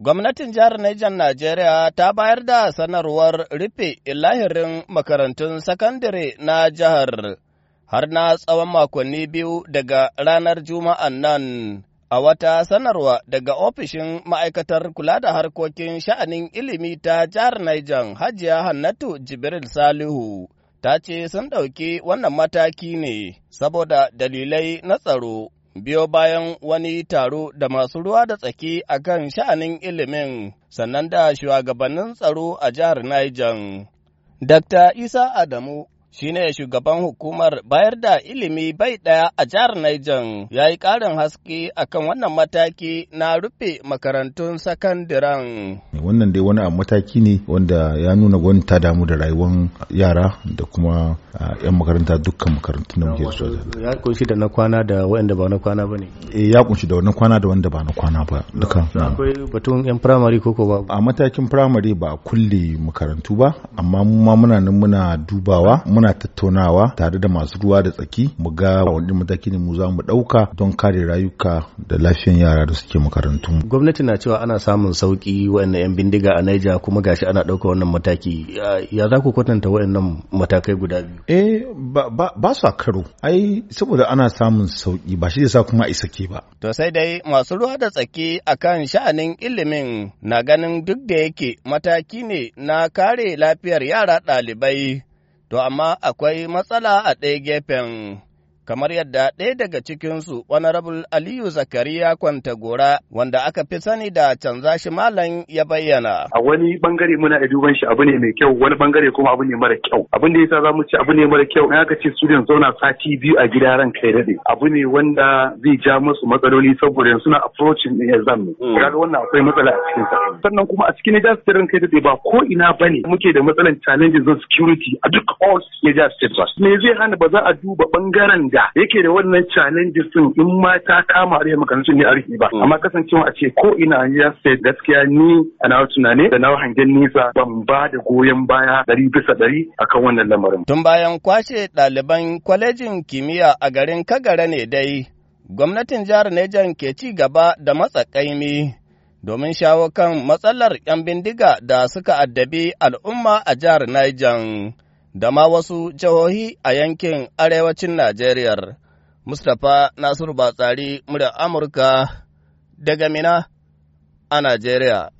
Gwamnatin jihar Nijar Najeriya ta bayar da sanarwar rufe lahirin makarantun sakandare na jihar har na tsawon makonni biyu daga ranar juma'a nan. A wata sanarwa daga ofishin ma'aikatar kula da harkokin sha'anin ilimi ta jihar Nijar Hajiya Hannatu Jibril Salihu ta ce sun ɗauki wannan mataki ne saboda dalilai na tsaro. biyo bayan wani taro da masu ruwa da tsaki a kan sha'anin ilimin sannan da shugabannin tsaro a jihar Niger. Dr. Isa Adamu shine shugaban hukumar bayar da ilimi bai ɗaya a jihar Niger ya yi ƙarin haske akan wannan mataki na rufe makarantun sakandiran. Wannan dai wani mataki ne wanda ya nuna wani ta damu da rayuwar yara da kuma 'yan makaranta dukkan makarantun da muke so. Ya kunshi da na kwana da wanda ba na kwana ba ne? Eh, ya kunshi da na kwana da wanda ba na kwana ba. Duka. Akwai batun 'yan firamare ko ko ba? A matakin firamare ba kulle makarantu ba, amma mu ma muna nan muna dubawa. muna tattaunawa tare da masu ruwa da tsaki mu ga wani mataki ne mu za mu ɗauka don kare rayuka da lafiyan yara da suke makarantun. Gwamnati na cewa ana samun sauki wa'annan 'yan bindiga a Niger kuma gashi ana ɗauka wannan mataki. Ya za ku kwatanta wa'annan matakai guda biyu? Eh ba su karo. Ai saboda ana samun sauki ba shi sa kuma a isa ke ba. To sai dai masu ruwa da tsaki akan sha'anin ilimin na ganin duk da yake mataki ne na kare lafiyar yara ɗalibai to amma akwai matsala a ɗaya gefen. kamar yadda ɗaya daga cikinsu wanarabul Aliyu Zakariya Kwantagora wanda aka fi sani da canza shi malam ya bayyana. A wani bangare muna da duban shi abu ne mai kyau wani bangare kuma abu ne mara kyau. Abin da yasa za mu ce abu ne mara kyau in aka ce su zauna sati biyu a gida ran kai daɗe. Abu ne wanda zai ja musu matsaloli saboda suna approaching ne exam ne. Mm. Kaga wannan akwai matsala a cikin sa. Sannan kuma a cikin Niger State ran kai daɗe ba ko ina bane muke da matsalan challenges na security a duk all Niger State ba. Me zai hana ba za a duba bangaren da da yake da wannan challenge sun in ma ta kama kan makarantun ne arziki ba mm. amma kasancewa a ce ko ina ya sai gaskiya ni a na tunane da na hangen nisa ban ba da goyon baya ɗari bisa ɗari akan wannan lamarin. Tun bayan kwashe ɗaliban kwalejin kimiyya a garin Kagara ne dai gwamnatin jihar Nejan ke ci gaba da matsa kaimi, domin shawo kan matsalar 'yan bindiga da suka addabi al'umma a jihar Niger. da ma wasu jihohi a yankin arewacin Najeriya. Mustapha Nasiru Batsari, murya Amurka daga Mina a Najeriya.